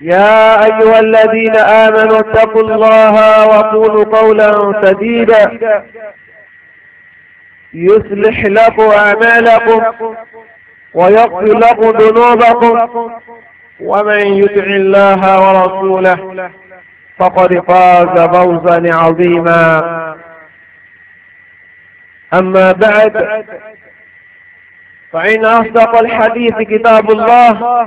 يا أيها الذين آمنوا اتقوا الله وقولوا قولا سديدا يصلح لكم أعمالكم ويغفر لكم ذنوبكم ومن يطع الله ورسوله فقد فاز فوزا عظيما أما بعد فإن أصدق الحديث كتاب الله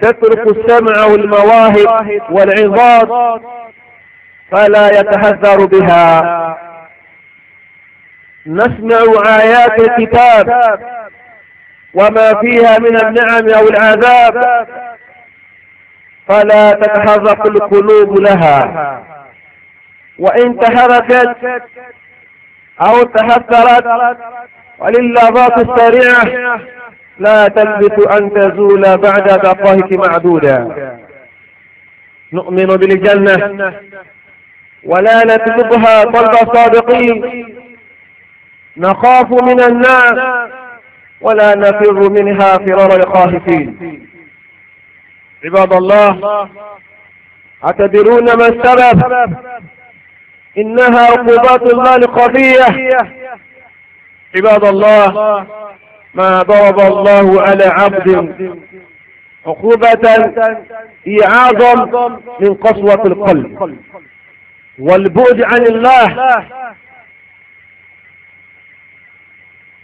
تترك السمع والمواهب والعظات فلا يتهذر بها نسمع آيات الكتاب وما فيها من النعم أو العذاب فلا تتحرك القلوب لها وإن تحركت أو تهثرت وللابات السريعة لا تثبت أن تزول بعد بقائك معدودا نؤمن بالجنة ولا نتلبها طلب صادقين نخاف من الناس ولا نفر منها فرار الخائفين عباد الله أتدرون ما السبب إنها عقوبات الله القضية عباد الله ما ضرب الله على عبد عقوبة هي أعظم من قسوة القلب والبعد عن الله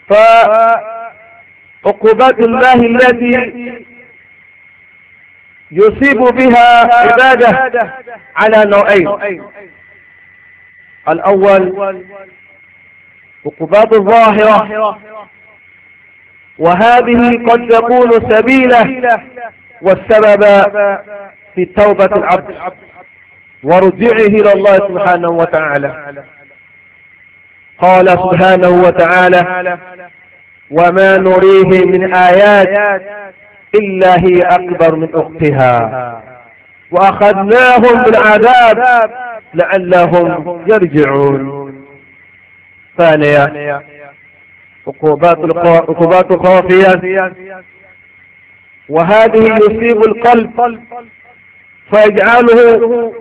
فعقوبات الله التي يصيب بها عباده على نوعين الأول عقوبات الظاهرة وهذه قد تكون سبيله والسبب في توبة العبد ورجعه إلى الله سبحانه وتعالى قال سبحانه وتعالى وما نريه من آيات إلا هي أكبر من أختها وأخذناهم بالعذاب لعلهم يرجعون ثانيا عقوبات عقوبات خافية وهذه يصيب القلب فيجعله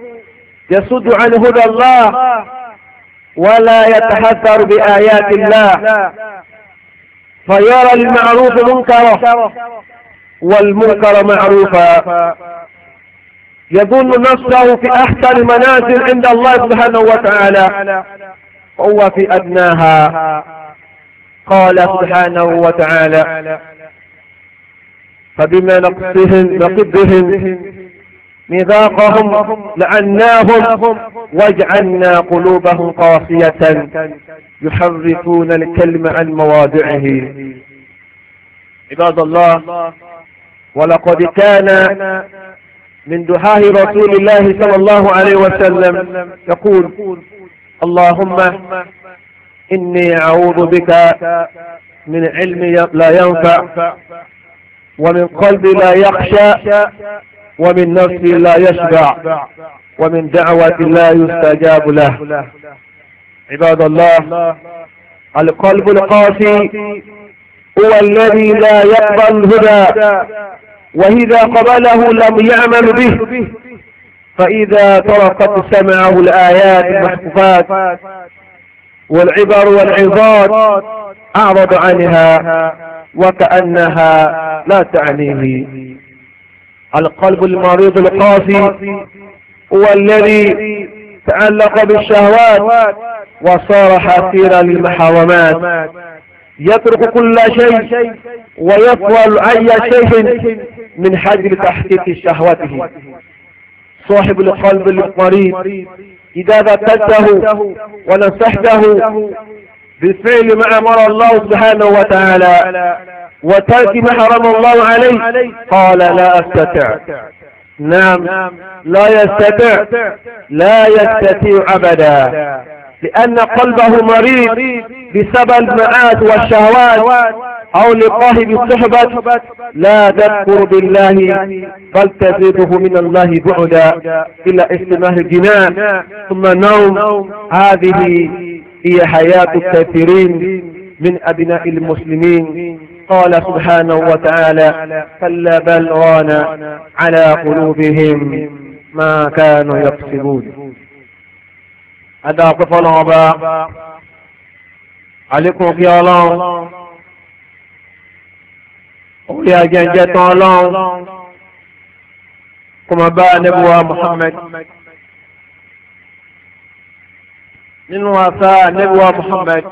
يصد عن هدى الله ولا يتحذر بآيات الله فيرى المعروف منكرا والمنكر معروفا يظن نفسه في أحسن المنازل عند الله سبحانه وتعالى وهو في أدناها قال سبحانه وتعالى فبما نقصهم نقضهم ميثاقهم لعناهم وجعلنا قلوبهم قاسية يحرفون الكلم عن مواضعه عباد الله ولقد كان من دعاء رسول الله صلى الله عليه وسلم يقول اللهم إني أعوذ بك من علم لا ينفع ومن قلب لا يخشى ومن نفس لا يشبع ومن دعوة لا يستجاب له عباد الله القلب القاسي هو الذي لا يقبل الهدى وإذا قبله لم يعمل به فإذا تركت سمعه الآيات المحفوفات والعبر والعظات أعرض عنها وكأنها لا تعنيه القلب المريض القاسي هو الذي تعلق بالشهوات وصار حسيرا للمحرمات يترك كل شيء ويطول أي شيء من حجر تحقيق شهوته صاحب القلب المريض إذا ذكرته ونصحته بالفعل ما أمر الله سبحانه وتعالى وترك ما حرم الله عليه قال لا أستطع نعم لا يستطيع لا يستطيع أبدا لأن قلبه مريض بسبب المعاد والشهوات أو لصاحب الصحبة لا تذكر بالله بل تزيده من الله بعدا إلى استماه الجنان ثم نوم هذه هي حياة الكافرين من أبناء المسلمين قال سبحانه وتعالى كلا بل ران على قلوبهم ما كانوا يكسبون هذا قفل عليكم في الله orí agẹ́jẹ́ tán ọlọ́run kò mọ̀ bá nẹ́bùwá Muhammad nínú àṣà nẹ́bùwá Muhammad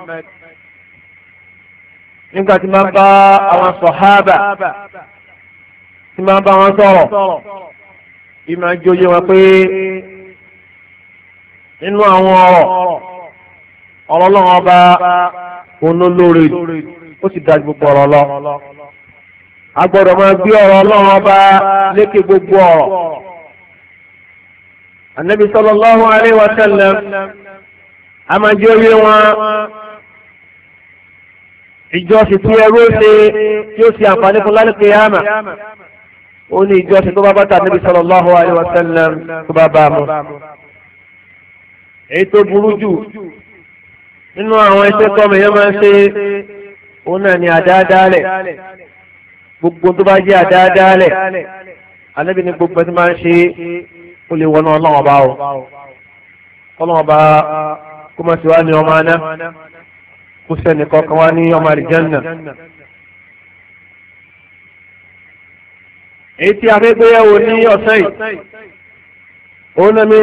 nígbà tí máa bá àwọn sọ̀hábà tí máa bá wọn sọ̀rọ̀ ìmọ̀ àjòyè wọn pé nínú àwọn ọ̀rọ̀ ọ̀rọ̀ ọlọ́run ọba òun ló lóore ó sì dájú gbogbo lọ agbọ́dọ̀ máa gbé ọ̀rọ̀ ọlọ́run ọba lékè gbogbo ọ̀rọ̀ anabi sallallahu alaihi wa sallam a máa jẹ́ orí wọn ìjọsìn tí ẹrú ṣe tí ó ṣe àǹfààní fún lálẹ́ kìyàmà ó ní ìjọsìn tó bá bá ta anabi sallallahu alaihi wa sallam tó bá bá mu èyí tó burú jù nínú àwọn iṣẹ́ tọ́mọ yẹn máa ń ṣe òun náà ni àdáadáa rẹ̀ gbogbo tó bá jẹ́ àdáadáalẹ̀ alẹ́bí ni gbogbo ẹtí máa ń ṣe ó lè wọnú ọlọ́wọ́n bá o ọlọ́wọ́n bá kó máa ti wá ní ọmọ aná kó sẹ́ni kọ̀ọ̀kan wá ní ọmọ àlìjánà. èyí tí a fẹ́ gbéyàwó ní ọ̀sẹ̀ yìí òun náà ní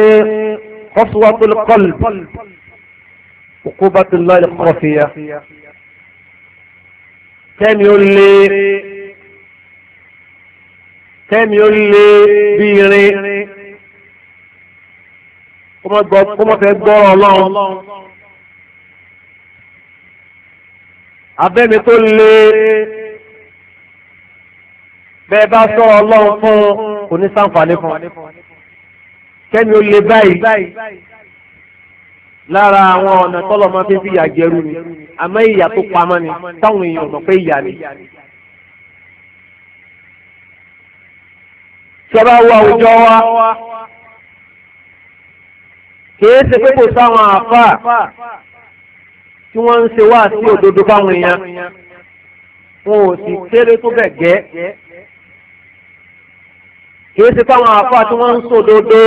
qaswatul qalb uqubatullahi al-khafiya kẹ́ni ó lé. kẹ́mi ó lé gbọ́rọ̀ ọlọ́run abẹ́mi tó lé bẹ́ẹ̀ bá sọ ọlọ́run fún kò fún kẹ́mi báyìí lára àwọn ọ̀nà fi ni àmọ́ ìyà tó pamọ́ ni táwọn èèyàn mọ̀ pé ṣẹba wo àwùjọ wa kìí ṣe pé kò sáwọn àfà tí wọ́n ń ṣe wá sí òdodo fáwọn èèyàn wọn ò sì kéré tó bẹ̀ gẹ́ kìí ṣe fáwọn àfà tí wọ́n ń sòdodo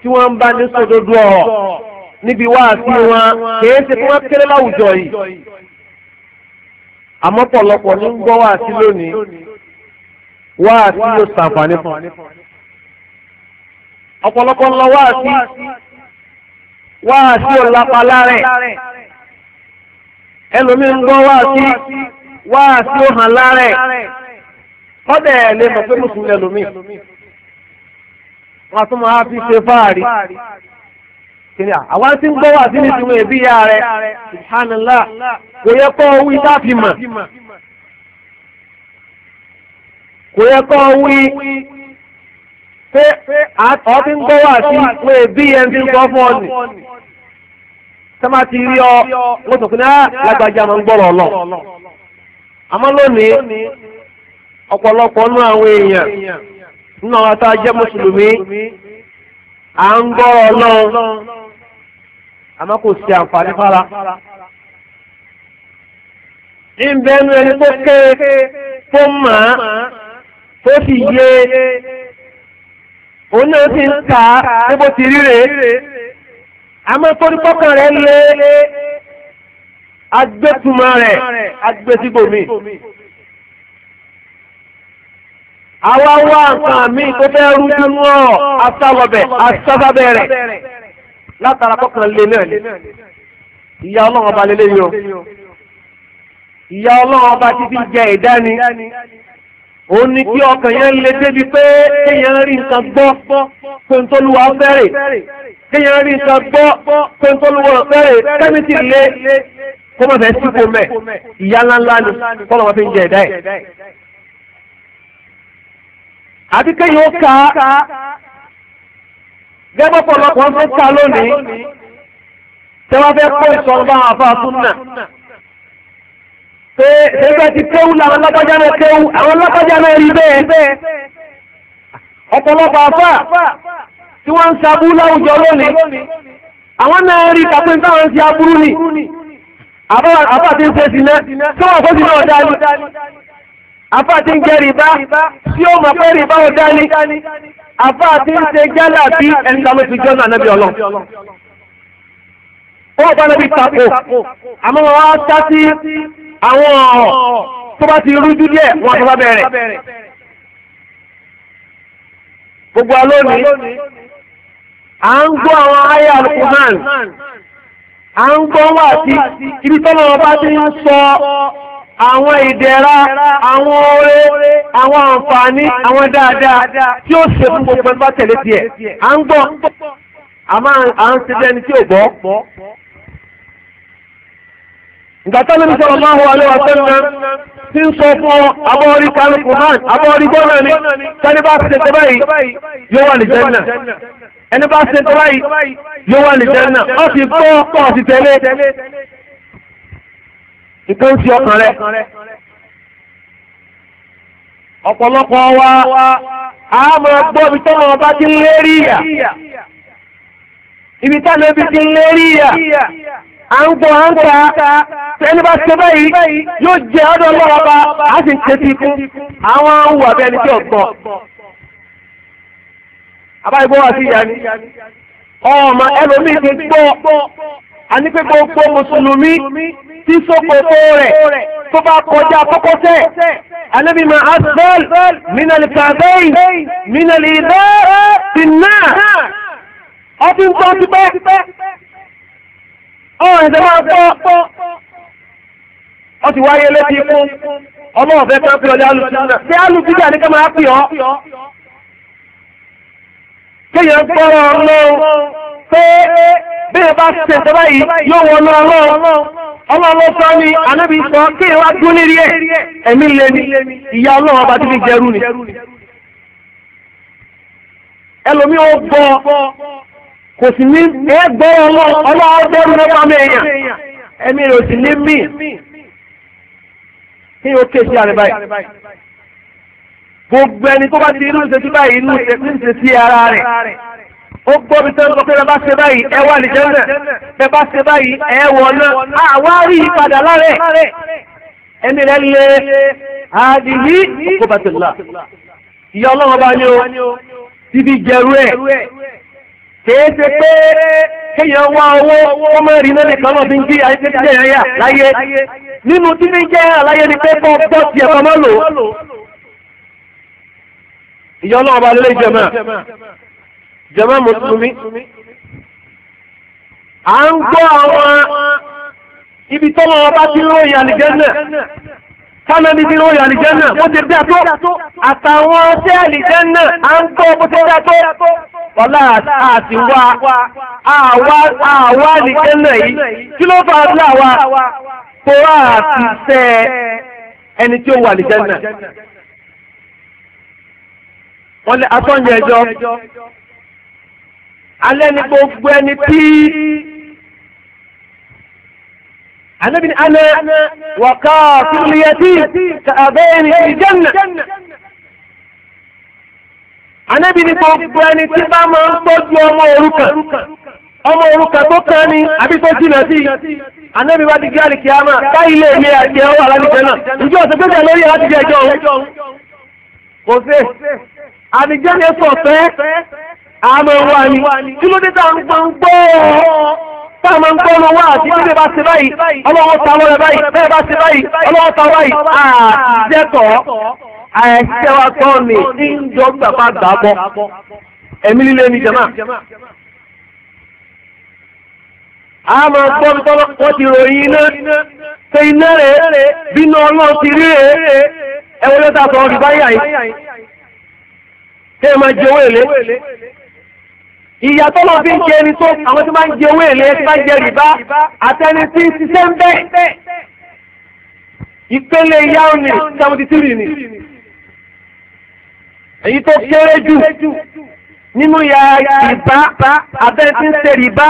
tí wọ́n ń bá ní sòdodo ọ̀rọ̀ níbi wá sí wọn kìí ṣe fún wọn kéré láwùjọ yìí àmọ́ ní ń gbọ́ wá sí lónìí wá àti yóò ṣàǹfààní fún ọ̀pọ̀lọpọ̀ ńlọ wá àti wá àti òlápa lárẹ̀ ẹlòmíín gbọ́ wá àti wá àti òhàn lárẹ̀ kọ́dẹ̀ ẹ̀ lè mọ̀ pé mùsùlùmí ẹlòmíín wọ́n tún máa fi ṣe fáàrí kìnnì àwọn tí ń gbọ́ wá sí ní tiwọn ẹ̀bí ya rẹ̀ subhanallah kò yẹ kọ́ owó ìdáfimọ̀. kò kọ wí pé ọtí ń gbọ́ wà sí bí ti ti rí ọ ah, lágbájá máa ń ọlọ lónìí nú àwọn èèyàn nínú àwọn mùsùlùmí à ń gbọ́rọ̀ ọlọ́ àmọ́ kò sí àǹfààní fara ń ó sì yé òun náà sì ń kà á níbo ti ríre àmọ́ torí pọ́kàn rẹ̀ lé agbẹ́tumọ̀ rẹ̀ agbẹ́síbòmí àwa wá nǹkan mi tó fẹ́ rújú mú ọ asáwọ̀bẹ̀ asábábẹ̀ rẹ̀ látara kọkàn lé náà ni ìyá ọlọ́run ọba lélẹ́yìn ìyá ọlọ́run ọba títí jẹ ìdáni ó ní kí ọkàn yẹn lè débi pé kéèyàn rí nǹkan gbọ́ pé n tó lúwa fẹ́rẹ̀ kéèyàn rí nǹkan gbọ́ pé n tó lúwa fẹ́rẹ̀ kẹ́mìtì lé kó mọ̀ fẹ́ sípò mẹ́ ìyá ńláńlá ni kọ́lọ̀ wọn fi ń jẹ ẹ̀dá ẹ̀. àti kéèyàn ó ka gẹ́gbọ́ pọ̀lọpọ̀ ń ká lónìí tẹ́wọ́ fẹ́ kó ìsọ̀rọ̀ bá àwọn afáàtún náà. pé ṣẹ́gbẹ́ ti kéwú láwọn kéwú àwọn rí bẹ́ẹ̀ ọ̀pọ̀lọpọ̀ tí wọ́n ń sabú láwùjọ lónìí àwọn náà rí kàpín táwọn aburú ni ń sí náà tí wọ́n ó mọ̀ pé rìbá ò dání àfà ń ṣe bí jọ́nà ọlọ́ Ó bí àmọ́ sá àwọn ọ̀rọ̀ tó bá ti rújú díẹ̀ wọn tó bá bẹ̀rẹ̀ gbogbo alónìí à ń gbọ́ àwọn ayé alukuhan à ń gbọ́ wà sí ibi tọ́lọ́ ọba ti ń sọ àwọn ìdẹ̀ra àwọn oore àwọn àǹfààní àwọn dáadáa tí ó ṣe fún gbogbo ẹgbẹ́ tẹ̀lé tiẹ̀ à ń gbọ́ àmọ́ à ń ṣe bẹ́ẹ̀ ni tí ò gbọ́ ìgbàtà lórí sọ̀rọ̀ máa wà lọ́wọ́ tẹ́lẹ̀ tí ń sọ fún abọ́rí kálùkù náà abọ́rí gbọ́nà ni tẹ́lẹ̀ bá ṣe tẹ́lẹ̀ yìí yóò wà ní jẹ́nà ẹni bá ṣe tẹ́lẹ̀ yìí yóò wà ní jẹ́nà ó sì gbọ́ pọ̀ sí tẹ́lẹ̀ ìkan sí ọkàn rẹ̀ ọ̀pọ̀lọpọ̀ wa a máa gbọ́ ibi tọ́mọ ọba ti ń lérí yà ibi tánà à ń gbọ́ à ń gbà ẹni bá ṣe báyìí yóò jẹ́ ọdún ọlọ́wọ́ bá a sì ń ṣe ti fún àwọn ohun àbẹ́ ẹni tí ọ̀gbọ́n àbáyébó wà sí ìyá ni ọmọ ẹlòmíì ti gbọ́ àní pé gbogbo mùsùlùmí tí sókòtò rẹ̀ tó bá kọjá kókósẹ̀ alẹ́bí ma asbel minali kàbẹ́yì minali ìdá ti náà ọtí ń tọ́ ti pẹ́ ọ̀rọ̀ ìṣẹ́ máa pọ́ ọ ti wáyé létí fún ọmọ ọ̀fẹ́ kan pé ọjọ́ alùpùpù tí alùpùpù ní ká máa pè ọ́ kéèyàn gbọ́rọ̀ ọlọ́run pé bí ẹ bá ṣe ìjọba yìí yóò wọ lọ ọlọ́run ọlọ́run sọ ni ànábì sọ kéèyàn wá dún lérí ẹ̀ ẹ̀mí lé ní ìyá ọlọ́run ọba tí fi jẹrú ni ẹlòmí ó gbọ́ kò sì ní ẹgbẹ́ ọlọ́wọ́ bẹ́rù nípa mẹ́yàn ẹ̀mí rẹ̀ ò sì ní mí kí o ké sí àrẹ báyìí gbogbo ẹni tó bá ti inú ṣe sí báyìí inú ṣe sí ara rẹ̀ ó gbọ́ bí tẹ́lẹ̀ pé bá ṣe báyìí ẹ wà lè jẹ́lẹ̀ bẹ bá ṣe báyìí ẹ wọ̀ náà àwa rí ìpadà lárẹ̀ ẹni rẹ̀ lè àdìyí òkú bàtẹ̀lá ìyá ọlọ́run bá ní o ti fi jẹrú ẹ̀ kéèsè pé kéèyàn wá owó ó mọ́ ìrìnà nìkan lọ fi ń jíyà ìpé tí jẹ́yàn yà láyé nínú tí ní jẹ́ àláyé ni pé bọ́ bọ́ ti ẹ̀kọ́ mọ́ lò ìyọ́nà ọba lélẹ́ jàmá jàmá mùsùlùmí à ń gbọ́ àwọn ibi tọ́wọ́ ọba ti ń ròyìn àlìjẹ́nà Tánàbí bí ó yà àlìjẹ́nà, ó ti bí àtó, àtàwọn ọ̀sẹ́ àlìjẹ́nà, à ń kọ́ bó ti bí àtó ọlá àti wá àwá nìkẹ́lẹ̀ yìí kí ló fà á láwa tó wá àti sẹ́ ẹni tí ó wà ní Jánnà wọ́n lé atọ́njẹ ẹjọ́ alẹ́ ni gbogbo ẹni tí anábìnrin alẹ́ wọ̀ká fílíyẹtì kàbẹ́ẹ̀ni ìjẹ́nà Ànábì ní gbogbo ẹni tí bá máa ń tọ́jú ọmọ òrukàn ọmọ òrukàn tó kàn ní àbí tó jìnà sí Ànábì wá di gíárì kí a máa ká ilé ilé ẹ̀jẹ̀ ọwọ́ aládìjẹ náà ìjọ ọ̀sẹ̀ pẹ́sẹ̀ lórí aládìjẹ ẹjọ́ òun kò sí àdìjẹ́ ni sọ fẹ́ àmọ́ wa ni kí ló dé tá à ń gbọ́ ń gbọ́ tá a máa ń gbọ́ ọmọ wa àti bí bá ṣe báyìí ọlọ́wọ́ ta lọ́rẹ̀ báyìí bẹ́ẹ̀ bá ṣe báyìí ọlọ́wọ́ ta báyìí àjẹkọ̀ọ́ àìṣẹ́ wa tọ́ mi tí gbàgbà gbàgbọ́ ẹ̀mí a máa gbọ́ bí wọ́n ti ròyìn iná ṣe iná rẹ̀ bínú ọlọ́run ti rí rẹ̀ ẹ̀wọ́n lọ́ta sọ ọ́n báyà yìí. máa jẹ owó èlé? fi ń jẹ ẹni èyí tó kéré jù nínú ya ìbá abẹ́ tí ń ṣe rìbá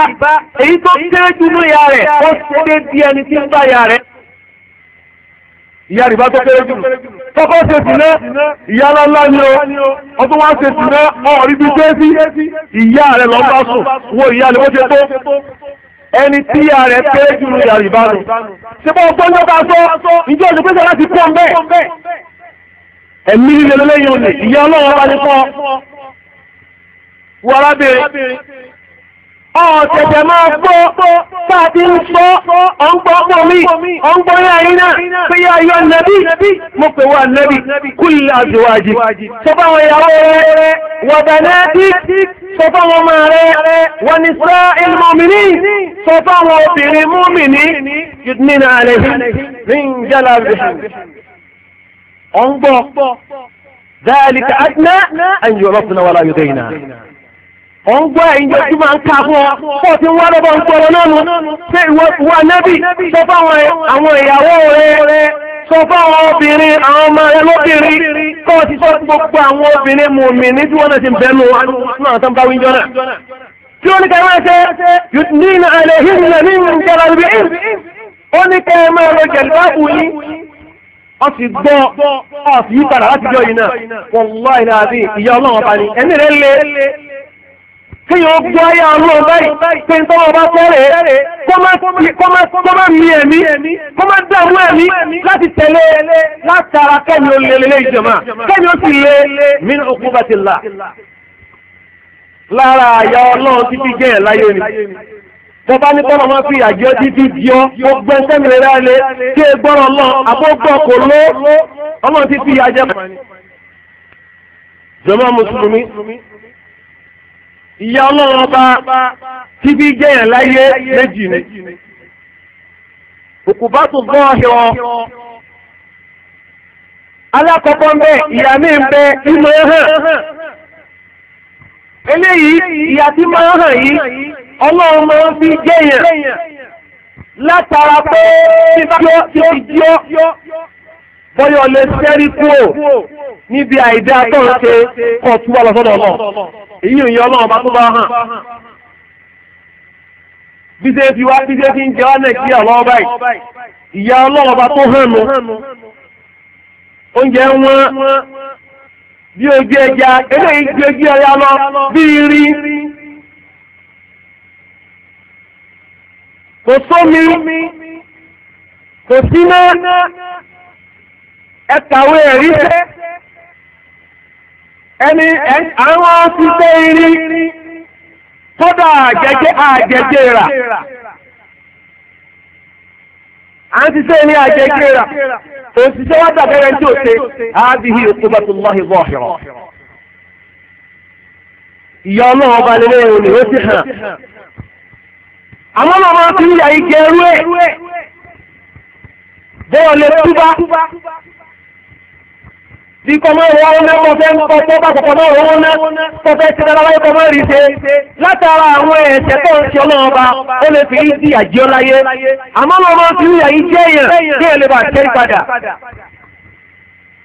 èyí tó kéré jù nínú ya rẹ̀ ó ṣeré bí ẹni tí ń bá ya rẹ̀ ìyá rìbá tó kéré jù tọ́kọ́ ṣe sì náà ìyá lọ́lá ni ó ọdún wá ṣe sì náà ọ̀rí bí tó sí ìyá rẹ̀ lọ bá sùn wo ìyá rẹ̀ ó ṣe tó ẹni tí ìyá rẹ̀ kéré jù nínú ya rìbá nù ṣe bọ́ ọgbọ́n ló bá sọ ìjọ́ ìjọ́ láti pọ̀ ẹ̀mí líle lọ́lẹ́yìn olè ìyá ọlọ́run wá ní pọ́ wọ arábìnrin ọ̀tẹ̀tẹ̀ máa gbọ́ pàtí ń sọ ọ̀gbọ́gbọ́ mi ọ̀gbọ́rẹ́ àyínà pé yá yọ nẹ́bí mo pè wà nẹ́bí kúlù àjòwàjì sọfá wọn ìyàwó rẹ̀ wọ̀bẹ̀lẹ́ tí sọfá máa rẹ̀ wọ́n ni sọ ilmọ̀mìnì sọfá obìnrin múmìnì yìí nínú àlẹ́ ọ̀ngbọ́ dáàlìkà àdínà ẹ̀yìn ọlọ́pìnà wà láyé dẹ́yìnà ọ̀ngbọ́ ẹ̀yìn jẹ́ tí máa ń ká fún ọ pọ̀ tí wọ́n lọ́bọ̀ ń pọ̀rọ̀ náà nù pé ìwọ nẹ́bì sọ fáwọn àwọn ìyàwó rẹ sọ fáwọn obìnrin àwọn ọmọ rẹ lóbìnrin kọ́ ti sọ gbogbo àwọn obìnrin mùmí ní tí wọ́n náà ti bẹ̀rù àwọn tó ń bá wíjọ náà tí ó ní kẹwàá ṣe yìí ní àlẹ́ yìí ní ẹ̀mí ń kẹwàá rẹ̀ bí ó ní kẹwàá rẹ̀ jẹ̀lú wọ́n ti gbọ́ ọ̀sì yí padà láti jọ iná wọ́nlá iná àbí ìyá ọlọ́wọ́ bá ní ẹni rẹ̀ lé tí yóò gbọ́ ayé ọlọ́wọ́ báyìí pé ń tọ́wọ́ bá fẹ́rẹ̀ kọ́ má mi ẹ̀mí kọ́ má dàmú ẹ̀mí láti tẹ̀lé látara kẹ́mi ó lè lélẹ́ ìjọba kẹ́mi ó sì lé min uqubati Allah lára àyà ọlọ́wọ́ títí tọ́bá ní kọ́nà máa fi àjọ títí di ọ́ ó gbẹ́ sẹ́mi rẹ̀ lé tí e gbọ́rọ̀ lọ àbógbọ́ kò ló ọmọ ti fi àjẹ. jọmọ mùsùlùmí ìyá ọlọ́run ọba tí bí jẹ́yàn láyé méjì ni òkùbá tó gbọ́ ọ̀hìọ́ alákọ̀ọ́kọ́ ń bẹ ìyá mi ń bẹ ìmọ̀ ẹ̀hàn eléyìí ìyá tí máa hàn yìí. ọlọ́run máa ń fi jẹ́yàn látara pé tí ó ti bọ́yọ̀ lè sẹ́rí kúrò níbi àìdá tó ṣe kọ̀ tí lọ́sọ́dọ̀ lọ èyí ìyẹn ọlọ́run bá tó bá hàn bí ṣe fi wá bí ṣe fi ń jẹ́ kò sómi kò síná ẹ ẹ̀rí fẹ́ ẹni àwọn ṣiṣẹ́ irin kódà àjẹjẹ àjẹjẹ rà à ń ṣiṣẹ́ irin àjẹjẹ rà òṣìṣẹ́ wá dàgẹ́rẹ́ tí ó ṣe ààbìhì uqubatullahi zahira ìyá ọlọ́wọ́ balẹ̀ lẹ́yìn òní ó sì hàn àwọn ọmọ ti ń yà igi ẹrú ẹ̀ bọ́ọ̀ lè túbá bí kọmọ ìwọ̀n náà kọfẹ́ ń kọ tó bá kọ̀kọ́ náà wọ́n náà kọfẹ́ ti dára láyé kọmọ rí ṣe látara àwọn ẹ̀ṣẹ̀ tó ń ṣe ọlọ́ọba ó lè fi ń di àjíọ́ láyé àmọ́ ọmọ ti ń yà igi ẹ̀yàn kí ẹ lè bá tẹ́ padà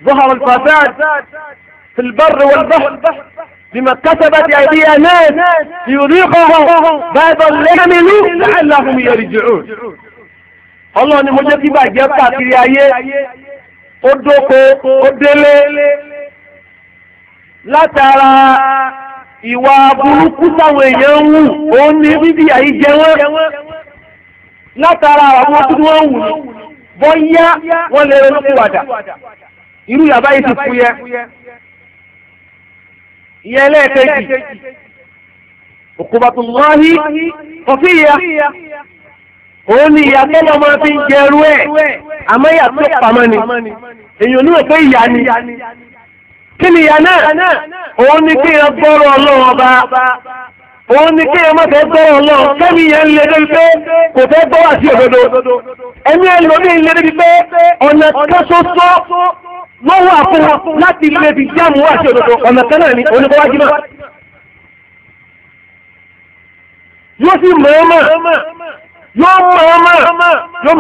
ظهر الفساد في البر والبحر بما كسبت أيدي الناس ليذيقهم بعض اللي عملوا لعلهم يرجعون الله ni mo jẹ́ kí bàjẹ́ káàkiri ayé ó dóko ó délé látara ìwà burúkú táwọn èèyàn ń wù ó ní bíbí àyí jẹ látara àwọn tó wọ́n wù bọ́yá wọ́n lè ronú kúwàdà irú yàbá yìí ti fúyẹ́ ihe na-ete eji okubato nwahi kofi ya o niya kọwaa mafi nje ruo amaghi ato fama ni enyolu eto ya ni kini ya na o ni ke ya bọrọ ọrụ ọba. òun ni kí ẹmọ fẹ́ gbọ́rọ̀ lọ kẹ́mí yẹn lè débi pé kò fẹ́ gbọ́wà sí òdodo ẹni ẹlòmí lè débi pé ọ̀nà kẹ́sọ́sọ́ ló wà fún láti lè fi jáàmù wà sí òdodo ọ̀nà kanáà ni oníkọwà jímọ̀ yóò sì mọ̀ọ́mọ̀ yóò mọ̀ọ́mọ̀ yóò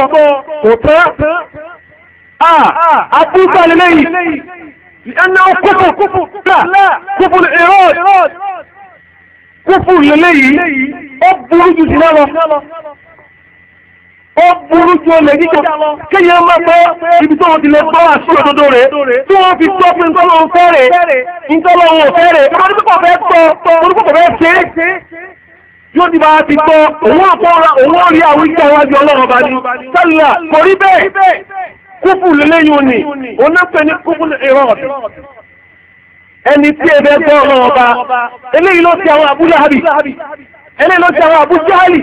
mọ̀ wá sọ́ àbúkà lélẹ́yìn لأنه كفر لا كفر الإراد كفر للي أبرج سنالة ọbúrú tí ó lè níjọ kíyàn máa pẹ́ ibi tó wọ́n ti lè gbọ́ àṣírò òdodo rẹ̀ tí wọ́n fi tọ́ yóò ti gbọ́ àwọn bá ní sálà kò rí bẹ́ẹ̀ kúfù lélẹ́yìn òní onáfẹ́ ní kúfù ìrọ́ọ̀dì ẹni tí ẹ bẹ́ gbọ́ ọ̀rọ̀ ọba eléyìí ló ti àwọn Abu Lahabi eléyìí ló ti àwọn Abu Jahali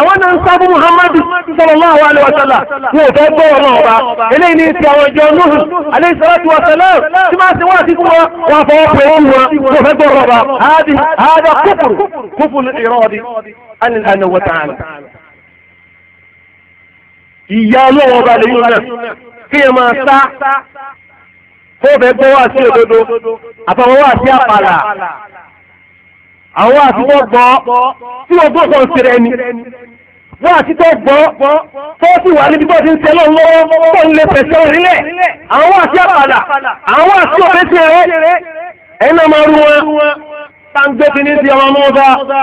àwọn náà ń sábú Muhammadu sallallahu alaihi wasallam wọn ò fẹ́ gbọ́ ọ̀rọ̀ ọba eléyìí ní ti àwọn ìjọ Nuhu alaihi salatu wasalam tí máa ti wá sí fún wọn wọn fọwọ́ pé ó wọn wọn ò fẹ́ gbọ́ ọ̀rọ̀ ọba àádọ́ kúfùrù kúfùrù ìrọ́ọ̀dì ìyá ọlọ́wọ́ ọba lè yún náà kí ẹ máa sá kó fẹ́ gbọ́ wá sí òdodo àtàwọn wá sí àpàlà àwọn àti wọ́n gbọ́ tí wọ́n gbọ́ kan ṣe rẹ ni wọ́n àti tó gbọ́ tó sì wà níbi bọ́ọ̀dì ń tẹ lọ́wọ́ lọ́wọ́ tó ń lè fẹ̀sẹ̀ orílẹ̀ àwọn àti àpàlà àwọn àti ọ̀rẹ́ ti rẹ ẹ̀yìn náà máa rú wọn tá ń gbé kíní sí ọmọ ọmọ ọba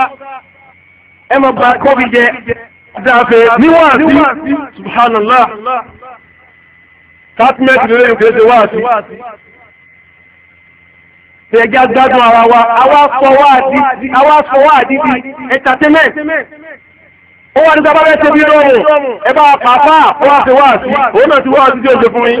ẹ gba kọ́bí jẹ dáfẹ́ níwọ̀n àti subhanallah kátmẹ́tì lórí ìfẹ́sẹ̀ wá sí ẹjá gbádùn ara wa awáfọwá àdídí entertainment ó wà ní sábàbẹ́ ṣe bí lọ́rùn ẹbá pàápàá wá sí wá sí òun náà ti wá sí tí ó ṣe fún yín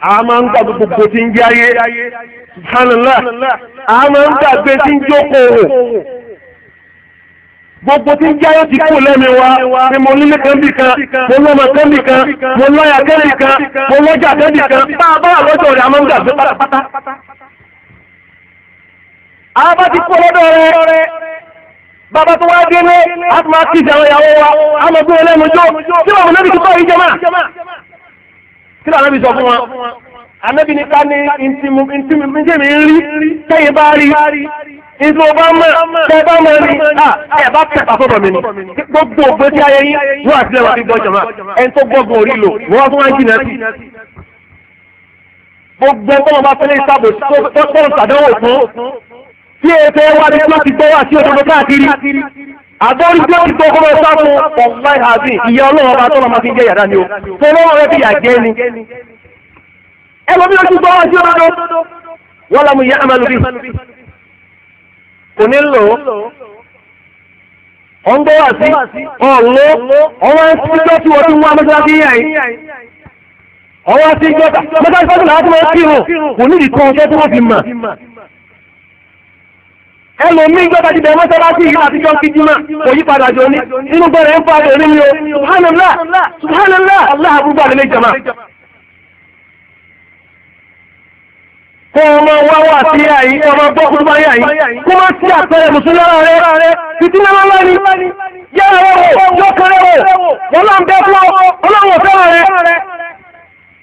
a máa ń gbàgbé gbogbo tí ń jẹ́ ayé a máa ń gbàgbé tí ń jókòó gbogbo tí ń ayé ti lẹ́mi wa ni mo nílé kan mo lọ́mọ kan mo lọ́yà kan mo lọ́jà kẹ́mbì kan bá lọ́jọ́ rẹ̀ a máa ń gbàgbé a bá ti kú lọ́dọ̀ rẹ̀ bàbá tó wá a máa kí wa a máa gbé kí lànà bí sọ fún wa anábì ní ká ní intimu intimu méjèèmí rí tẹ́yìn bá rí ìtò ọba mọ̀ tẹ́ bá mọ̀ rí ẹ̀ bá tẹ̀pà sọ́dọ̀ mi ni gbogbo ògbé tí ayé yín wọ́n àti lẹ́wọ̀n àti gbọ́jọ̀ máa ẹni tó gbọ́gbọ́n orí lò wọ́n fún wọn jìnà sí. gbogbo ọgbọ́n bá fẹ́lẹ́ ìsàbò tó tọ́lù sàdánwò fún tí ètò ẹwà ni tó ti gbọ́ wà sí òdodo káàkiri àbọ́rígbé ti tó kọ́mọ sáfún ọ̀gbọ́n ìhàbí ìyá ọlọ́run ọba tọ́lọ́ máa fi jẹ́ yàrá ni o fọlọ́wọ́ rẹ fi yà jẹ́ ni. ẹ lọ bí ojú gbọ́ wá sí ọdọdọ wọ́n lámú yẹ àmàlù bí kò ní lò ó. ọ̀ngbọ́ wà sí ọ̀lọ́ ọwọ́ ń sí ọjọ́ tí wọ́n ti ń wá mọ́sálásí yà yìí. ọwọ́ sí ìjọba mọ́sálásí fọ́tò làwọn tó máa ń kírun kò ní ìdí ẹlò mí gbọ́ta ti bẹ̀rẹ̀ mọ́sálásí ìlú àtijọ́ ti jímọ̀ kò padà jọ ní inú gbọ́rẹ̀ ń fàbẹ̀ rí ni o subhanallah subhanallah allah abúgbà lè jama kó ọmọ wá wà sí àyí ọmọ bọ́ kúrú bá yà yìí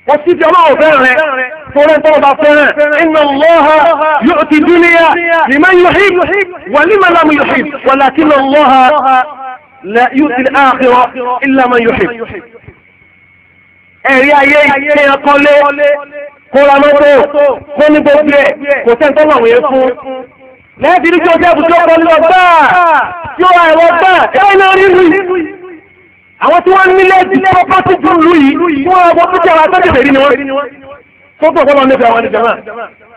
wọ́n sí ti ọlọ́wọ̀ fẹ́rẹ̀ rẹ̀ torí tọ́rọ bá fẹ́rẹ̀ inna Allaha yu'ti dunya liman yuhib wa liman lam yuhib walakinna Allaha la yu'ti al-akhirah illa man yuhib ẹ̀rí ayé ìkẹyàn kọ́lé kóra mọ́tò kó ní gbogbo ẹ̀ kò sẹ́ tó wọ̀n yẹn fún lẹ́ẹ̀dì ní kí ọjọ́ ìbùsọ̀ kọ́lé ọgbà tí ó wà ẹ̀wọ̀ gbà ẹ̀ àwọn tí wọ́n nílé ti pọ́pátì jù lú yìí tí wọ́n wọ́n tó jẹ́ àwọn sọ́jọ́ bèrí ni wọ́n fọ́tò ọ̀pọ̀lọ́ nífẹ̀ẹ́ àwọn ìjọba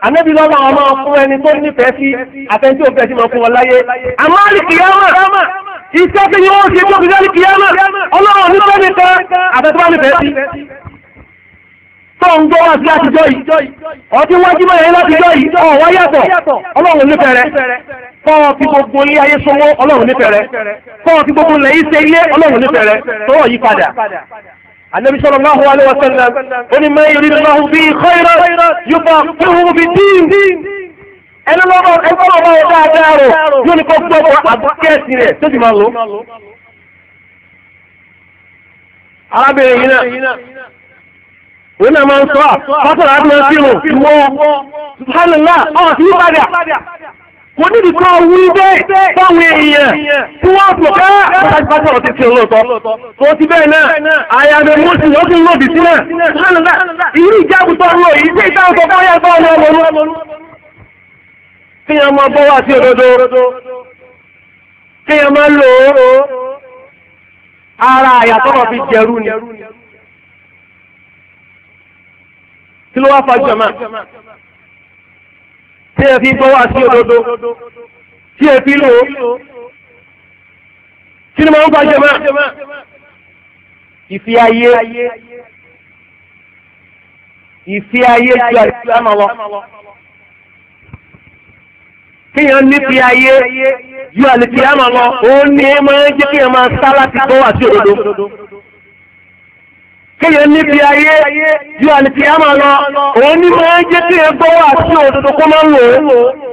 ànábì lọ́la àwọn máa fún ẹni tó nífẹ̀ẹ́ sí àtẹ̀ntí òfẹ́ sí máa fún wọn láyé àmọ́ àlìkìyàmà iṣẹ́ tí yóò ṣe tó fi dá àlìkìyàmà ọlọ́run nífẹ̀ẹ́ nìkan àtẹ̀tí tó ń gbọ́ wá sí látijọ́ yìí ọdí wọ́n jí mọ́yẹ̀ látijọ́ yìí ọ̀wọ́ yàtọ̀ ọlọ́run nífẹ̀ẹ́ rẹ fọ́ọ̀ fi gbogbo ilé ayé sọwọ́ ọlọ́run nífẹ̀ẹ́ rẹ fọ́ọ̀ fi gbogbo ilẹ̀ iṣẹ́ ilé ọlọ́run nífẹ̀ẹ́ rẹ tọ́wọ́ yí padà النبي صلى الله عليه وسلم قل ما يريد الله به خيرا يفقهه في الدين arábìnrin yìí náà òun náà máa ń sọ pátọ̀rọ̀ àti máa ń fírun ìwọ hálàlá ọ̀tí ìpadà kò nídìí kọ́ wí bẹ́ẹ̀ fáwọn èèyàn tí wọ́n pọ̀ ká pátọ̀rọ̀ ti fi olóòtọ́ tó ti bẹ́ẹ̀ náà àyàbẹ̀ mọ́sí ló ti ń lòdì sí náà hálàlá ìlú ìjáàbù tó ń lò yìí sí ìtàn tó fáyà tó ọmọ ọmọ kí ni ọmọ bọ́wà sí òdodo kí ni ọmọ lò ó ara àyàtọ̀rọ̀ fi jẹrú ni kí ló wá fa jọ̀mọ́ tí ẹ fi gbọ́ wá sí òdodo tí ẹ fi lò ó kí ló máa ń fa jọ̀mọ́ ìfi ayé ìfi ayé ju àìsílámà lọ kíyàn nífi ayé ju àìsílámà lọ òun ni ẹ máa ń jẹ́ kíyàn máa sá láti gbọ́ wá sí òdodo. كي يبيعي يعني يامانا وني ما يجي بواس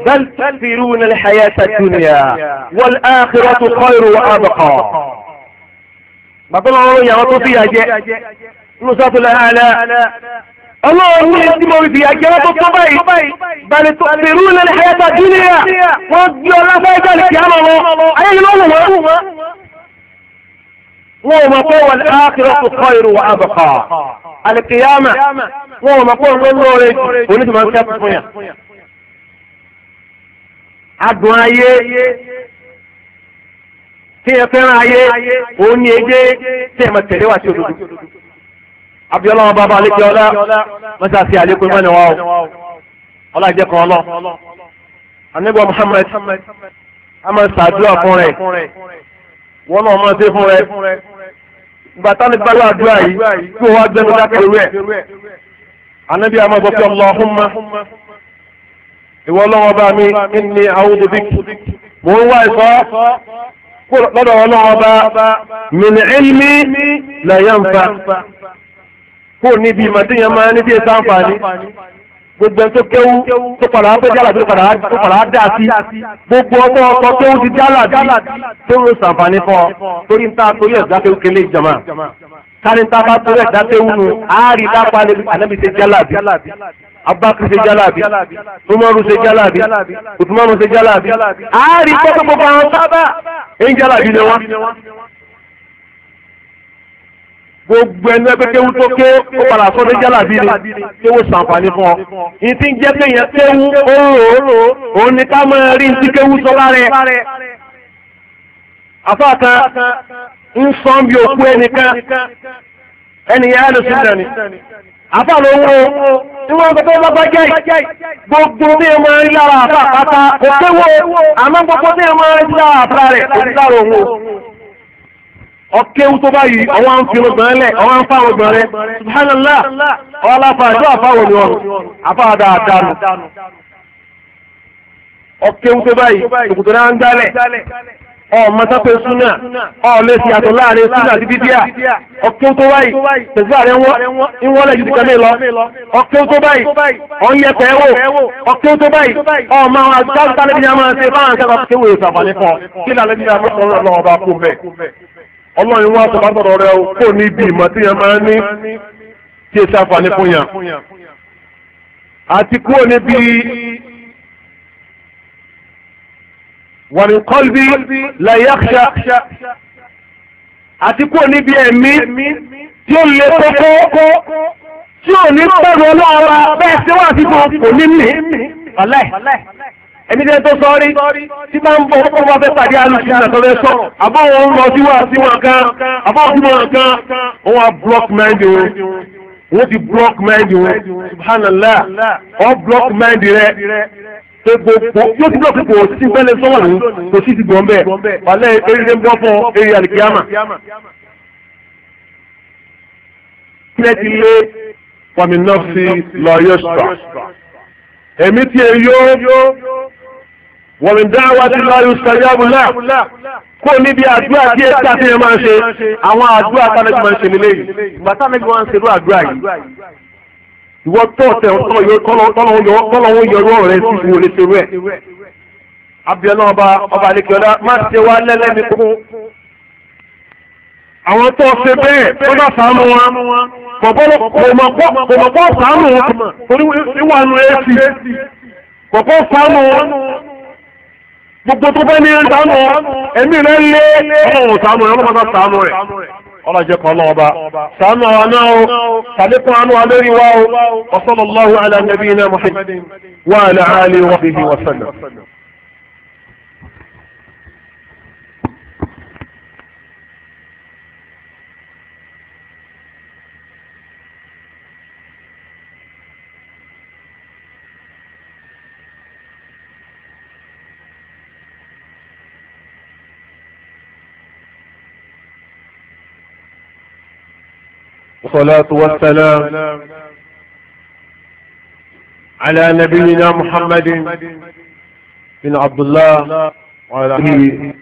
بل تنفرون الحياة الدنيا والآخرة خير وأبقى ما تنعروا يا رطو في أجي نصات الأعلى الله أمي يتمر في أجي رطو الصباي بل تنفرون الحياة الدنيا وضي الله فيجالك يامانا أي لونه wọn mọ̀ pé wọ́n ákìrọ̀ tó kọ́ irú wa àbọ̀kọ́ alìkìyàmà wọn mọ̀ pé wọ́n lóore jù oníṣùmọ̀ ń kẹ́kọ̀ọ́ fún yà. adùn ayé tí ẹ fẹ́ràn ayé òun ni ẹgbẹ́ tí ẹ mọ̀ tẹ̀lé wá sí òdodo. abiola wọn bàbá alẹ́ kí ọlá mọ́tà sí àlékún mọ́ni wa o ọlá jẹ́ kan ọlọ́. anábọ̀ Muhammad a máa ń ṣàdúrà fún rẹ̀ wọ́n náà máa ṣe fún rẹ ìgbà táni bá wà dúrà yìí kí o wá gbẹnu dákẹ́ rú ẹ̀ anábì àmọ́ gbọ́ pé Allahumma ìwọ ọlọ́wọ́ bá mi inni a'udhu bik mò ń wá ìfọ́ lọ́dọ̀ ọlọ́wọ́ bá min ilmi la yanfa kó níbi ìmọ̀tíyàn máa ní bí ẹ gbogbo ẹni tó kéwú tó padà wá pé jálàbí tó padà wá dá sí gbogbo ọmọ ọkọ tó ti jálàbí tó ń sàǹfààní fún ọ torí ń ta torí ẹ̀dá kéwú kélé ìjọba kárí ń ta bá torí ẹ̀dá kéwú nu áàrí dápá ànábì ṣe jálàbí abakiri ṣe jálàbí umaru ṣe jálàbí utumanu ṣe jálàbí áàrí pọ́pọ́pọ́ àwọn sábà ń jálàbí ni wọ́n gbogbo ẹnu ẹgbẹ́ kéwú tó ké ó padà sọ́dọ̀ jálàbí ni kéwú sàǹfààní fún ọ. ìtì ń jẹ́ pé yẹn kéwú oòrò òun ni ká máa rí ti kéwú sọ lárẹ. àfáà kan ń sọ́n bí òkú ẹnìkan ẹnìyẹn á lè sùn dàní. àfáà ló ń wo tí wọ́n ń sọ pé bàbá jẹ́ gbogbo tí ẹ máa rí lára àfáà pátá kò kéwú àmọ́ gbogbo tí ẹ máa rí lára àfáà rẹ̀ kò sí lára òun o ọkéwú tó báyìí ọwọ́ ń fi ọgbọ̀n lẹ̀ ọwọ́ ń fáwọn ọgbọ̀n rẹ̀ subhanallah ọláfà àjọ àfáwọn ni ọrùn àfáwọn dáadáa ọkéwú tó báyìí òkùtò náà ń dálẹ̀ ọmọ sápẹ́ súnà ọ̀lẹ́ ti àtọ̀ láàrin súnà àti bídíà ọkéwú tó báyìí tẹ̀síwà rẹ̀ ń wọ́lẹ̀ ju tìkẹ́ mi lọ ọkéwú tó báyìí ọ̀n yẹ pẹ́ wò ọkéwú tó báyìí ọmọ àwọn àgbáńtà lẹ́bi ní a máa ṣe báwọn akẹ́kọ̀ọ́ kéwèé ìsàfàlẹ́ kan kí ọlọ́run wá sọ látọ̀rọ̀ rẹ o kò ní ibi ìmọ̀ tí yẹn máa ní kí èsì àǹfààní fún yàn àti kúrò níbi wàrìkọ́lbí làyàkṣà àti kúrò níbi ẹ̀mí tí ó lè kókó tí ò ní pẹ̀lú ọlọ́ọ̀ra bẹ́ẹ̀ tí kò ní mí ẹni tẹ́ tó sọ́rí tí máa ń bọ̀ ọkọ̀ wọ́n fẹ́ pàdé alùsìnà tó fẹ́ sọ àbọ̀wọ̀ ń lọ sí wà sí wọn kan àbọ̀wọ̀ sí wọn kan wọ́n á block mind o wọ́n ti block mind o subhanallah ọ́ block mind rẹ gbogbo yóò ti block ipò títí pẹ́lẹ́ sọ́wọ́n ní kò sí ti gbọ̀n bẹ́ẹ̀ wàlẹ́ eré ń bọ́ fún eré alikiyama. ilé ti lé wàmí nọ́ọ̀sì lọ́yọ̀sà ẹ̀mí tí e yóò wọ̀mìn dáwà tí láyé ìsànyábùlá kó níbi àdúrà tí ẹ tí àtẹ́yẹ máa ń ṣe àwọn àdúrà tánàkì máa ń ṣe nílé yìí ìgbà tánàkì máa ń ṣe ló àdúrà yìí ìwọ tọ́ọ̀tẹ̀ tọ́lọ́wọ́ yọrú ọ̀rẹ́ sí ìwò lè ṣerú ẹ̀ abiola ọba ọba àlekíọ́lá má ṣe wá lẹ́lẹ́mi kún àwọn tó ṣe bẹ́ẹ̀ tó bá sàánú wọn kọ̀mọ̀pọ̀ sàánú wọn torí ìwà nù ẹ́ sí kọ̀pọ̀ sàánú wọn gbogbo tó bẹ́ ní ìdánù ẹ̀mí rẹ̀ lé ọmọ òsàmù rẹ̀ ọmọ sàmù rẹ̀ ọlọ́jẹ́ kan lọ́ọ̀ba sàmù àwọn náà o sàlékún àánú wa lórí wa والصلاة والسلام على نبينا محمد بن عبد الله وعلى آله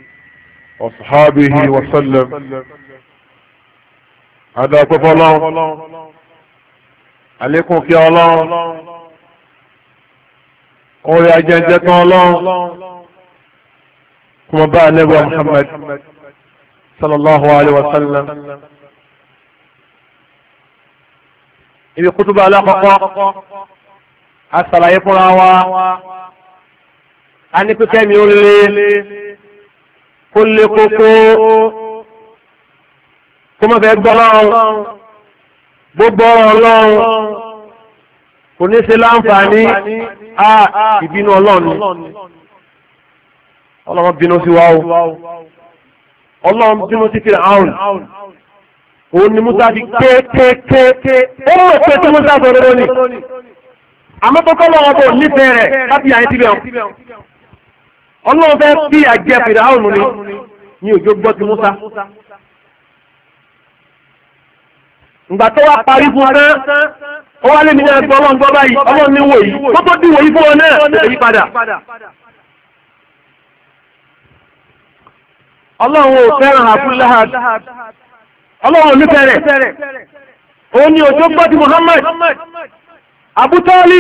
وصحابه وسلم هذا كفلا عليكم في الله قول أجنجة الله كما بقى نبي محمد صلى الله عليه وسلم ibi kútúbà alákọ̀ọ́kọ́ a sàlàyé fúnra wa a ní pípẹ́ mi ó lé kó lé kókó kó mọ̀ fẹ́ gbọ́ lọ́rùn gbogbo ọlọ́run kò ní ṣe láǹfààní a ìbínú ọlọ́run ọlọ́run bínú sí wa o ọlọ́run bínú sí Fíráùn òun ni musa fi kee, ó mọ̀ pé tí musa sọ rere àmọ́ tó kọ́ lọ́wọ́ bò nífẹ̀ẹ́ rẹ̀ láti àyè síbẹ̀ wọn ọlọ́run fẹ́ bí àjẹ ni ní òjò gbọ́ ti musa ìgbà tó wá parí fún tán ó wá lé mi náà gbọ́ ọlọ́run gbọ́ báyìí ọlọ́run ní wòyí tó tó wòyí fún ọ náà yí padà. ọlọ́run ò fẹ́ràn ọlọ́run nífẹ̀ẹ́ rẹ̀ òun ni òjò gbọ́dí Muhammad abutali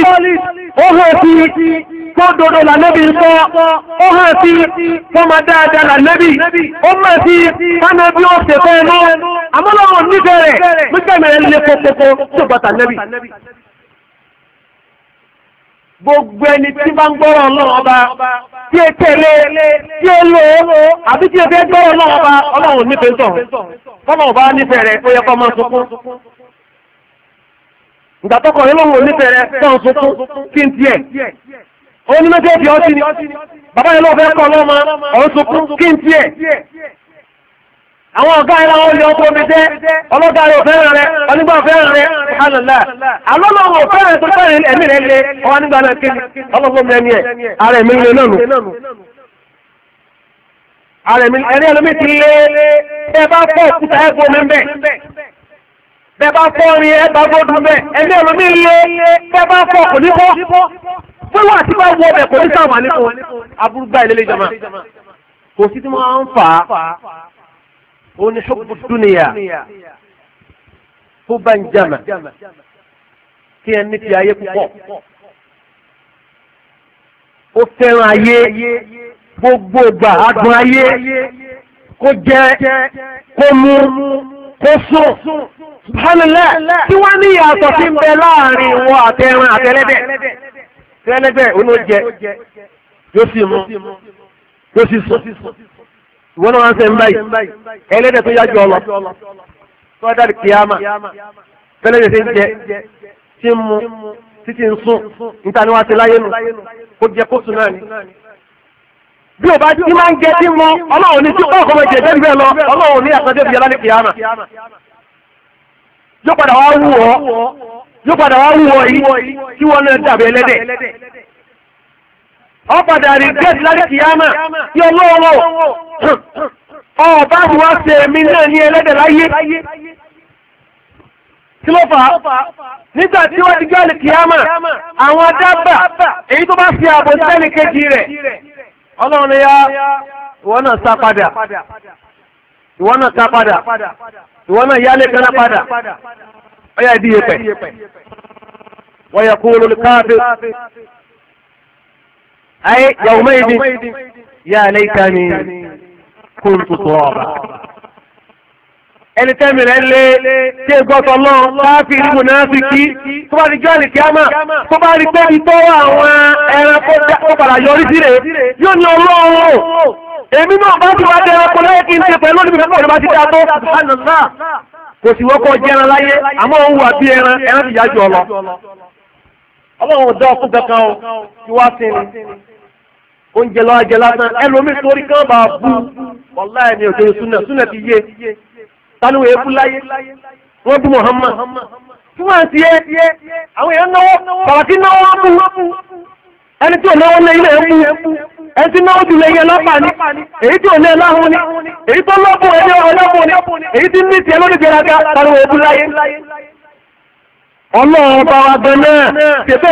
ó hàn sí kó dodo lànẹ́bì sọ ó hàn sí kó ma dáadáa lànẹ́bì ó mà sí kánẹ́bí ó ṣe fẹ́ mọ́ àmọ́lọ́run nífẹ̀ẹ́ rẹ̀ mú kẹ́mẹ̀rẹ̀ lè pọ̀pọ̀pọ̀ tó gbọ́ta lẹ́bì gbogbo ẹni tí bá ń gbọ́rọ̀ ọba tí ẹ tẹ̀lé tí ẹ lò ó àbí tí ẹ fẹ́ gbọ́rọ̀ ọba ọlọ́run nífẹ̀ẹ́ sọ̀rọ̀ kọ́mọ̀ ọba nífẹ̀ẹ́ rẹ̀ ó yẹ kọ́ máa sunkún. ìgbà tọkọ rẹ lóhùn onífẹ̀ẹ́ sunkún kí n tiẹ̀. ó ní àwọn ọ̀gá ẹ̀rọ wọn yọ ọkọ̀ omidẹ́ ọlọ́gá rẹ̀ òfẹ́ràn rẹ̀ onígbà òfẹ́ràn rẹ̀ ṣàlọ́lá alọ́lọ́wọ̀ òfẹ́ràn tó fẹ́ràn ẹ̀mí rẹ̀ lé ọwọ́ nígbà náà kí ọlọ́gbọ́n mi ẹni ẹ̀ ara ẹ̀mí lé náà nù ara ó ní ṣùgbọ́n dúnìyà tó bá ń jàmà kí ẹ ní ti ayé púpọ̀ ó fẹ́ràn ayé gbogbo ìgbà agbọn ayé kó jẹ kó mú kó sùn subhanallah tí wọ́n ní ìyàtọ̀ sí bẹ láàrin wọn àtẹran àtẹlẹ́dẹ̀ tẹlẹ́dẹ̀ oníjẹ yóò sì mú yóò sì sùn. ìwọ náà ń sẹ́ ń tó yájú ọlọ tó dá kìáma tẹ́lẹ̀dẹ̀ ṣe ń jẹ tí ń mu títí ń sùn níta ni wọ́n ti láyé nù kó jẹ kó sùn náà ni. bí o bá ti máa ń jẹ tí mu ọlọ́run ní tí ó kọ́ máa jẹ́ bẹ́ẹ̀ lọ ọlọ́run ní yóò padà wá yóò padà wá yìí kí náà ẹlẹ́dẹ̀. ọ rìgẹ́t láti kìyàmà tí ọlọ́ọ̀lọ́ ọ̀bá ọ sí ẹ̀mí náà ní ẹlẹ́dẹ̀ láyé tí ló fà á nígbà tí wọ́n ti gbáàlì kìyàmà àwọn dábà èyí tó bá fi ààbò sẹ́nì kejì ya ìwọ náà sá padà ìwọ náà sá padà ìwọ náà yálé kaná padà أي يومئذ يا ليتني كنت ترابا ẹni tẹ́mìrẹ́ lé ṣe gbọ́tọ̀ lọ káàfì rí mùnáfíkì tó bá rí jọ́ọ̀lì kíámà tó bá rí pẹ́bí tó àwọn ẹranko tó padà yọrí sí rẹ̀ yóò ní ọlọ́run èmi náà bá ti wá jẹ́ ẹranko lẹ́yẹ kí n ṣe pẹ̀lú olùbí fẹ́fẹ́ oúnjẹ lọ́wọ́ jẹ lásán ẹlòmí torí kan bá bú ọ̀lá ẹni òjò súnà súnà ti yé tánúwé ebú láyé wọ́n bú Muhammad fún àti yé àwọn èèyàn náwó kàwàtí náwó mú ẹni tí ò náwó lé ilé mú ẹni tí náwó jù lé iye ni. èyí tí ò lé ni èyí tó ẹni ni èyí tí ní tiẹ̀ lórí ebú láyé bá wa gan náà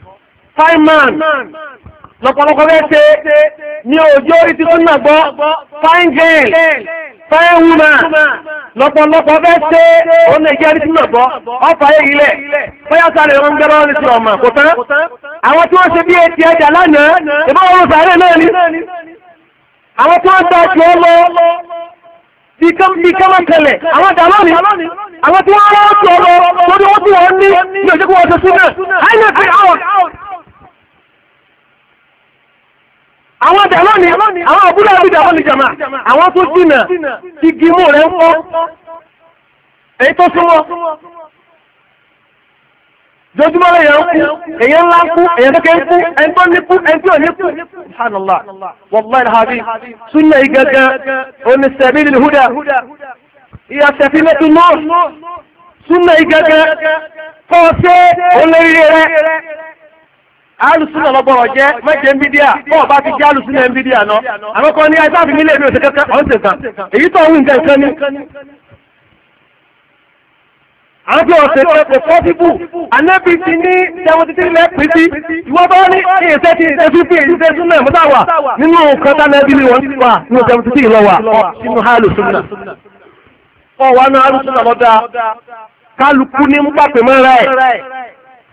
fireman lọ́pọ̀lọpọ̀ rẹ̀ ṣe ní òjò orí ti tún nàgbọ́ fine girl fine woman lọ́pọ̀lọpọ̀ rẹ̀ ṣe òun èjì orí ti tún nàgbọ́ ọ̀fà ilẹ̀ bóyá sáré wọn gbẹ́rọ́ ní ti ọmọ kò tán àwọn tí wọ́n ṣe bí etí ẹja lánàá ìbá wọn sáré náà ni àwọn tí wọ́n gbà jù ọ lọ bí kọ́mọ kẹlẹ̀ ni àwọn tí wọ́n rọ́ jù ọ lọ torí wọ́n àwọn dàlọ́ ni àwọn àbúrò àbí dàlọ́ ni jàmà àwọn tó jìnà ti gímú rẹ̀ ń kọ́ èyí tó súnmọ́ jojúmọ́ rẹ̀ yẹn ń kú èyàn ńlá ń kú èyàn kékeré ń kú ẹni tó ní kú ẹni tí ò ní kú subhanallah wallahi alhabi sunna yìí gangan oní sabilil huda ìyá safinatu nur sunna yìí gangan kọ́ ṣe olóríire rẹ̀ alùsùnà lọ́gbọ̀rọ̀ jẹ́ mẹ́jẹ̀ ń bídíà bọ́ọ̀ bá ti jẹ́ alùsùnà ń bídíà náà àwọn kan ní àìsáàfin nílé mi ò ṣe kankan ọ̀n ṣe èyí tó ń nǹkan ní. àwọn tí wọ́n ṣe pé ti ní seventy three ìwọ́n bá ní mọ́tà wà nínú nǹkan ni wọ́n wà seventy three nínú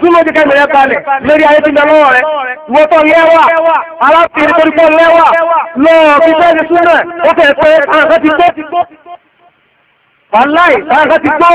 súnmọ́ jẹ́ kẹ́mẹ̀rẹ́ balẹ̀ lórí ayé tí lọ́wọ́ rẹ̀ wọ́tọ̀ lẹ́wà aláfihàn tó rípọ̀ lẹ́wà lọ́ọ̀ fi fẹ́ẹ̀ni súnmọ̀ ó fẹ́ pé àǹkan ti gbọ́ wàláì àǹkan ti gbọ́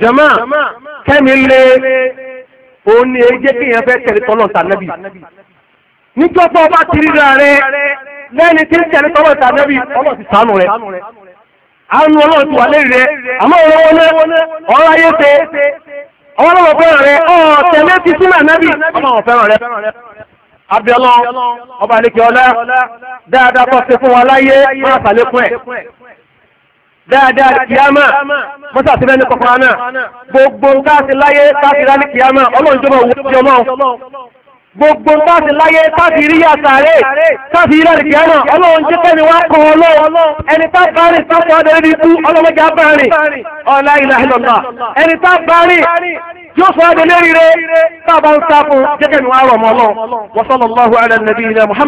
jama kẹ́mi lé òun ni ejé kéèyàn fẹ́ tẹ̀lé tọ́lọ̀ tànẹ́bì níjọba ọba ti ríra rẹ lẹ́ni tí ń tẹ̀lé tọ́lọ̀ tànẹ́bì ọlọ́ ti sànù rẹ àánú ọlọ́run ti wà lérí rẹ àmọ́ òun wọn ọ̀rọ̀ ayé ṣe ọlọ́wọ́ fẹ́ràn rẹ ọ̀tẹ̀lé ti sínú ànábì ọlọ́wọ́ fẹ́ràn rẹ abiola ọba àlekè ọlá dáadáa tó ṣe fún wa láyé má sàlékún ẹ̀ dáadáa kìámà mọ́sá ti bẹ́ni kọ̀kọ́ra náà gbogbo ń káàsì láyé káàsì rá ní kìámà ọlọ́run jọba òwú ti ọlọ́run gbogbo ń káàsì láyé káàsì rí àtàrẹ káàsì rí láti kìámà ọlọ́run jẹ́ kẹ́ni wá kan ọlọ́run ẹni tá bá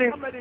rìn